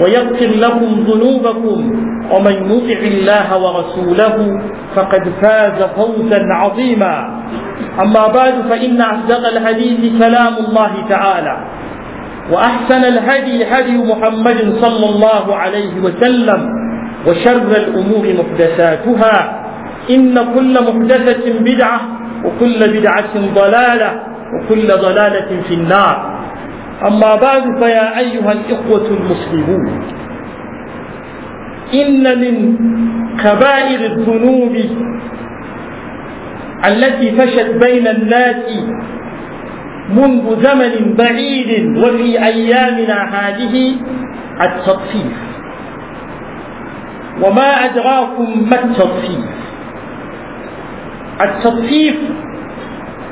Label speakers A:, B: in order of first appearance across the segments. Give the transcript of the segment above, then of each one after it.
A: ويغفر لكم ذنوبكم ومن يطع الله ورسوله فقد فاز فوزا عظيما اما بعد فان اصدق الحديث كلام الله تعالى واحسن الهدي هدي محمد صلى الله عليه وسلم وشر الامور محدثاتها ان كل محدثه بدعه وكل بدعه ضلاله وكل ضلاله في النار أما بعد فيا أيها الإخوة المسلمون إن من كبائر الذنوب التي فشت بين الناس منذ زمن بعيد وفي أيامنا هذه التطفيف وما أدراكم ما التطفيف التطفيف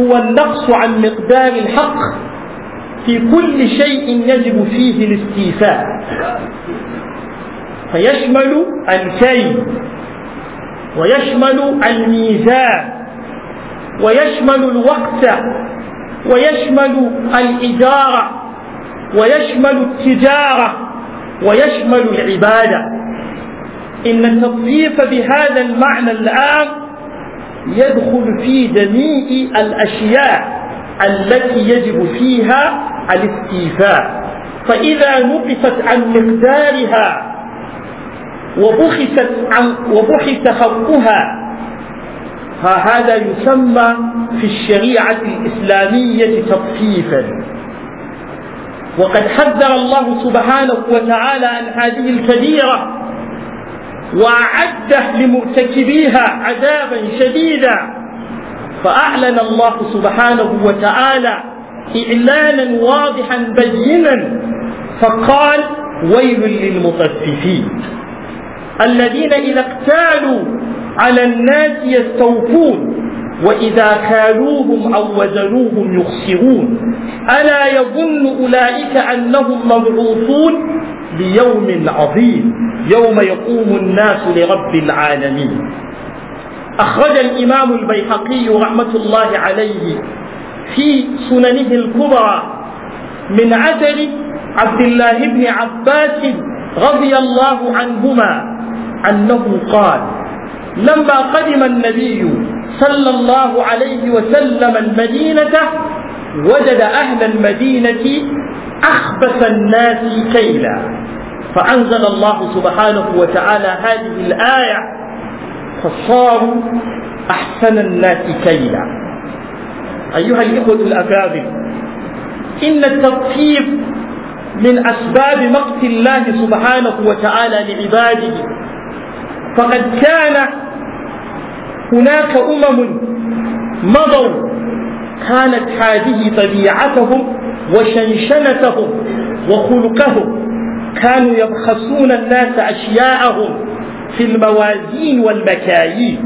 A: هو النقص عن مقدار الحق في كل شيء يجب فيه الاستيفاء فيشمل الكي ويشمل الميزان ويشمل الوقت ويشمل الإدارة ويشمل التجارة ويشمل العبادة إن التطبيق بهذا المعنى الآن يدخل في جميع الأشياء التي يجب فيها الاستيفاء فإذا نقصت عن مقدارها وبخست عن وبخس خلقها فهذا يسمى في الشريعة الإسلامية تطفيفا وقد حذر الله سبحانه وتعالى عن هذه الكبيرة وأعد لمرتكبيها عذابا شديدا فأعلن الله سبحانه وتعالى إعلانا واضحا بينا فقال ويل للمطففين الذين إذا اقتالوا على الناس يستوفون وإذا كالوهم أو وزنوهم يخسرون ألا يظن أولئك أنهم مبعوثون ليوم عظيم يوم يقوم الناس لرب العالمين أخرج الإمام البيهقي رحمة الله عليه في سننه الكبرى من اثر عبد الله بن عباس رضي الله عنهما انه قال لما قدم النبي صلى الله عليه وسلم المدينه وجد اهل المدينه اخبث الناس كيلا فانزل الله سبحانه وتعالى هذه الايه فصاروا احسن الناس كيلا أيها الإخوة الأكاذب إن التطهير من أسباب مقت الله سبحانه وتعالى لعباده فقد كان هناك أمم مضوا كانت هذه طبيعتهم وشنشنتهم وخلقهم كانوا يبخسون الناس أشياءهم في الموازين والمكاييل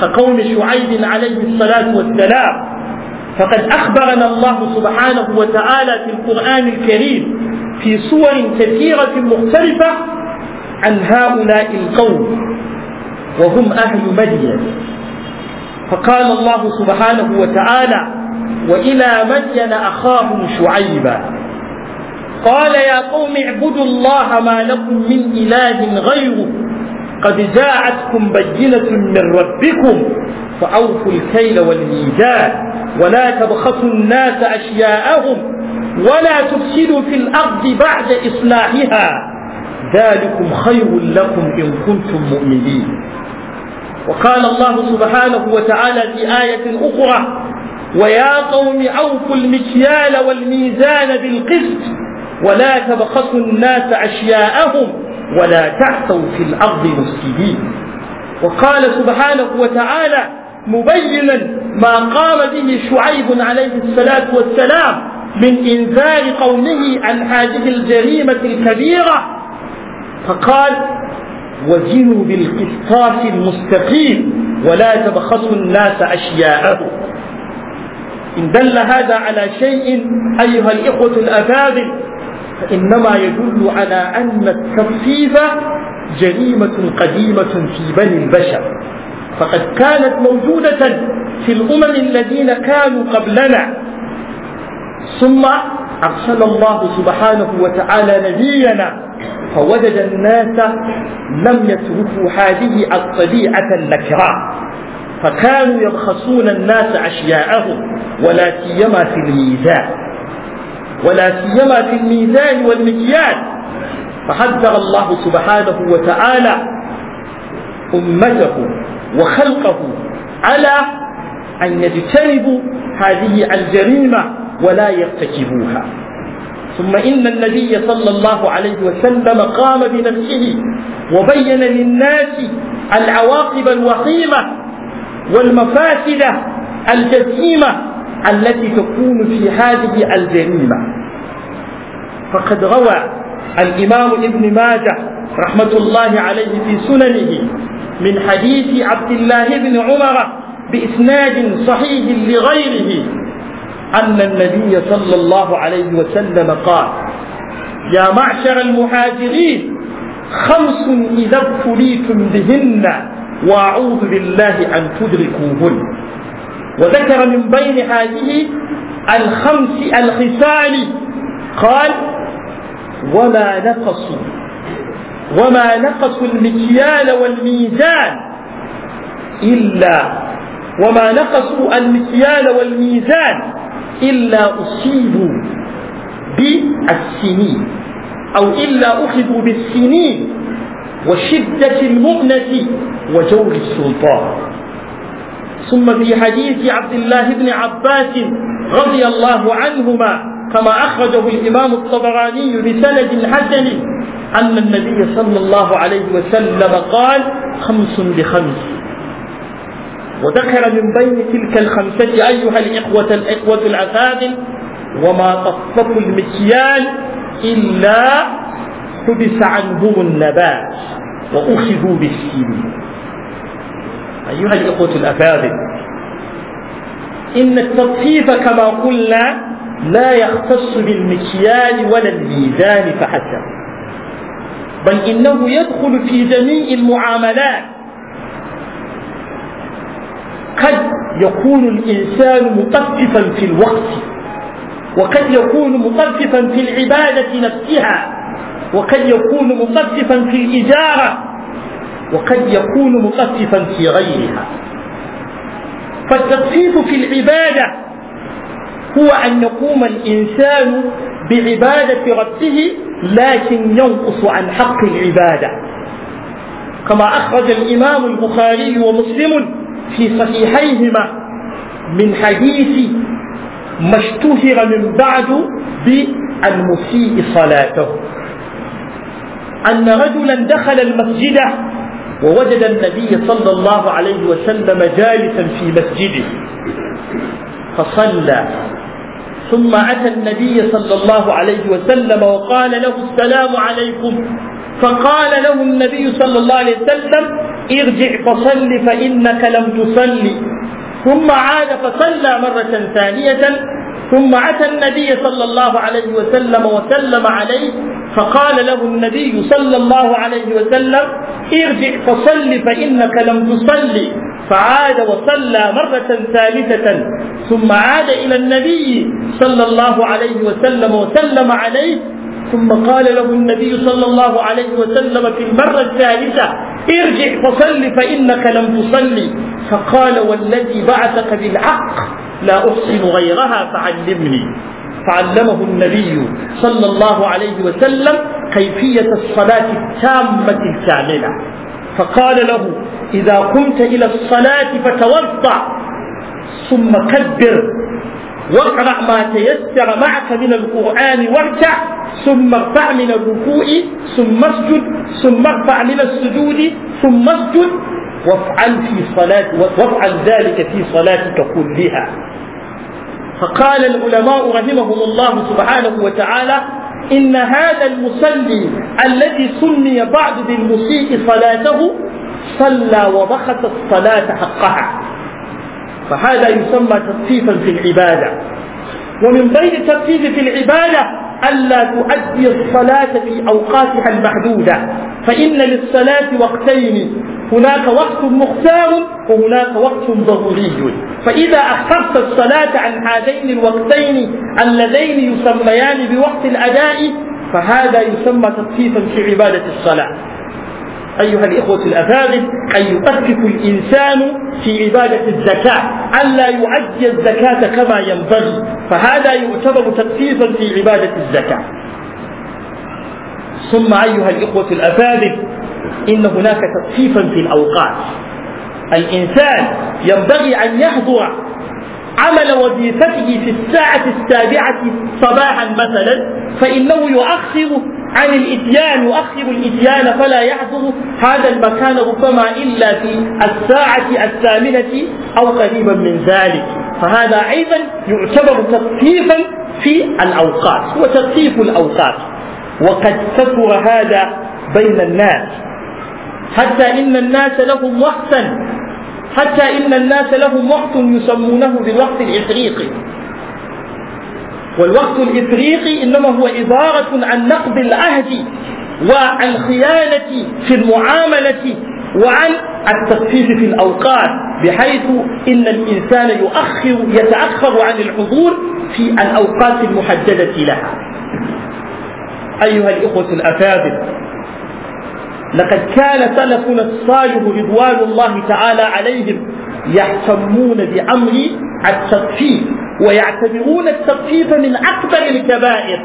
A: كقول شعيب عليه الصلاة والسلام فقد أخبرنا الله سبحانه وتعالى في القرآن الكريم في صور كثيرة مختلفة عن هؤلاء القوم وهم أهل مدين فقال الله سبحانه وتعالى وإلى مدين أخاهم شعيبا قال يا قوم اعبدوا الله ما لكم من إله غيره قد جاءتكم بينة من ربكم فأوفوا الكيل والميزان ولا تبخسوا الناس أشياءهم ولا تفسدوا في الأرض بعد إصلاحها ذلكم خير لكم إن كنتم مؤمنين وقال الله سبحانه وتعالى في آية أخرى ويا قوم أوفوا المكيال والميزان بالقسط ولا تبخسوا الناس أشياءهم ولا تعثوا في الأرض مفسدين وقال سبحانه وتعالى مبينا ما قام به شعيب عليه الصلاة والسلام من إنذار قومه عن هذه الجريمة الكبيرة فقال وزنوا بالقسطاس المستقيم ولا تبخسوا الناس أشياءهم إن دل هذا على شيء أيها الإخوة الأفاضل فإنما يدل على أن التخفيف جريمة قديمة في بني البشر فقد كانت موجودة في الأمم الذين كانوا قبلنا ثم أرسل الله سبحانه وتعالى نبينا فوجد الناس لم يتركوا هذه الطبيعة النكراء فكانوا يبخسون الناس أشياءهم ولا سيما في الميزان ولا سيما في الميزان والمكيال فحذر الله سبحانه وتعالى أمته وخلقه على أن يجتنبوا هذه الجريمة ولا يرتكبوها ثم إن النبي صلى الله عليه وسلم قام بنفسه وبين للناس العواقب الوخيمة والمفاسد الجسيمة التي تكون في هذه الجريمة فقد روى الإمام ابن ماجه رحمة الله عليه في سننه من حديث عبد الله بن عمر بإسناد صحيح لغيره أن النبي صلى الله عليه وسلم قال يا معشر المهاجرين خمس إذا ابتليتم بهن وأعوذ بالله أن تدركوهن وذكر من بين هذه الخمس الخصال قال وما نقصوا وما نقصوا المكيال والميزان إلا وما نقصوا المكيال والميزان إلا أصيبوا بالسنين أو إلا أخذوا بالسنين وشدة المؤنة وجور السلطان ثم في حديث عبد الله بن عباس رضي الله عنهما كما أخرجه الإمام الطبراني بسند حسن أن النبي صلى الله عليه وسلم قال خمس بخمس وذكر من بين تلك الخمسة أيها الإخوة الإخوة الأساتذة وما قصته المكيال إلا حبس عنهم النبات وأخذوا بالسنين أيها الإخوة الأفاضل إن التطفيف كما قلنا لا يختص بالمكيال ولا الميزان فحسب بل إنه يدخل في جميع المعاملات قد يكون الإنسان مطففا في الوقت وقد يكون مطففا في العبادة نفسها وقد يكون مطففا في الإجارة وقد يكون مطففا في غيرها فالتطفيف في العبادة هو أن يقوم الإنسان بعبادة ربه لكن ينقص عن حق العبادة كما أخرج الإمام البخاري ومسلم في صحيحيهما من حديث ما اشتهر من بعد بالمسيء صلاته أن رجلا دخل المسجد ووجد النبي صلى الله عليه وسلم جالسا في مسجده فصلى ثم أتى النبي صلى الله عليه وسلم وقال له السلام عليكم فقال له النبي صلى الله عليه وسلم ارجع فصل فإنك لم تصلي ثم عاد فصلى مرة ثانية ثم أتى النبي صلى الله عليه وسلم وسلم عليه فقال له النبي صلى الله عليه وسلم ارجع فصل فإنك لم تصلي فعاد وصلى مرة ثالثة ثم عاد إلى النبي صلى الله عليه وسلم وسلم عليه ثم قال له النبي صلى الله عليه وسلم في المرة الثالثة ارجع فصل فإنك لم تصلي فقال والذي بعثك بالحق لا أحسن غيرها فعلمني فعلمه النبي صلى الله عليه وسلم كيفية الصلاة التامة الكاملة فقال له إذا قمت إلى الصلاة فتوضأ ثم كبر واقرأ ما تيسر معك من القرآن واركع ثم ارفع من الركوع ثم اسجد ثم ارفع من السجود ثم اسجد وافعل في صلاة وافعل ذلك في صلاتك كلها فقال العلماء رحمهم الله سبحانه وتعالى إن هذا المصلي الذي سمي بعد بالمسيء صلاته صلى وبخت الصلاة حقها فهذا يسمى تثقيفا في العبادة ومن بين التثقيف في العبادة ألا تؤدي الصلاة في أوقاتها المحدودة فإن للصلاة وقتين هناك وقت مختار وهناك وقت ضروري فإذا أخرت الصلاة عن هذين الوقتين اللذين يسميان بوقت الأداء فهذا يسمى تثقيفا في عبادة الصلاة أيها الإخوة الأفاضل أن يخفف الإنسان في عبادة الزكاة ألا يؤدي الزكاة كما ينبغي فهذا يعتبر تخفيفا في عبادة الزكاة ثم أيها الإخوة الأفاضل إن هناك تخفيفا في الأوقات الإنسان ينبغي أن يحضر عمل وظيفته في الساعة السابعة صباحا مثلا فإنه يؤخره عن الإتيان وأخر الإتيان فلا يحضر هذا المكان ربما إلا في الساعة الثامنة أو قريبا من ذلك فهذا أيضا يعتبر تخفيفا في الأوقات وتخفيف الأوقات وقد كثر هذا بين الناس حتى إن الناس لهم وقتا حتى إن الناس لهم وقت يسمونه بالوقت الإفريقي والوقت الإفريقي إنما هو عبارة عن نقض العهد وعن خيانه في المعاملة وعن التخفيف في الأوقات بحيث إن الإنسان يؤخر يتأخر عن الحضور في الأوقات المحددة لها أيها الإخوة الأفاضل لقد كان سلفنا الصالح رضوان الله تعالى عليهم يهتمون بأمر التخفيف ويعتبرون التطهيف من أكبر الكبائر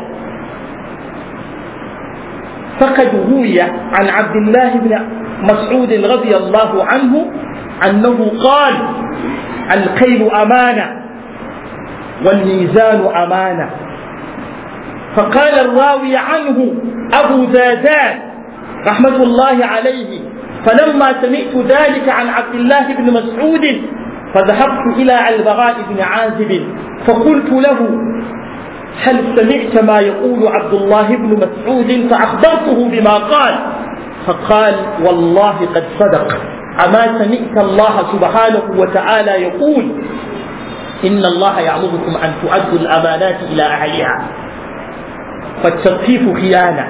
A: فقد روي عن عبد الله بن مسعود رضي الله عنه أنه قال القيل أمانة والميزان أمانة فقال الراوي عنه أبو زادان رحمة الله عليه فلما سمعت ذلك عن عبد الله بن مسعود فذهبت إلى البراء بن عازب فقلت له هل سمعت ما يقول عبد الله بن مسعود فأخبرته بما قال فقال والله قد صدق أما سمعت الله سبحانه وتعالى يقول إن الله يعظكم أن تؤدوا الأمانات إلى أهلها فالتثقيف خيانة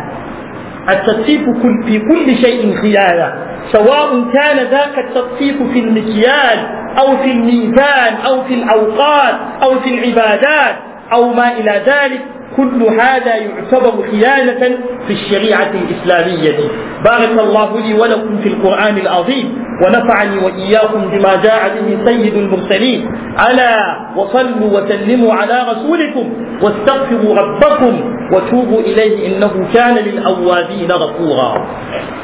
A: التثقيف في كل شيء خيانة سواء كان ذاك التثقيف في المكيال أو في الميزان أو في الأوقات أو في العبادات أو ما إلى ذلك كل هذا يعتبر خيانة في الشريعة الإسلامية بارك الله لي ولكم في القرآن العظيم ونفعني وإياكم بما جاء به سيد المرسلين ألا وصلوا وسلموا على رسولكم واستغفروا ربكم وتوبوا إليه إنه كان للأوابين غفورا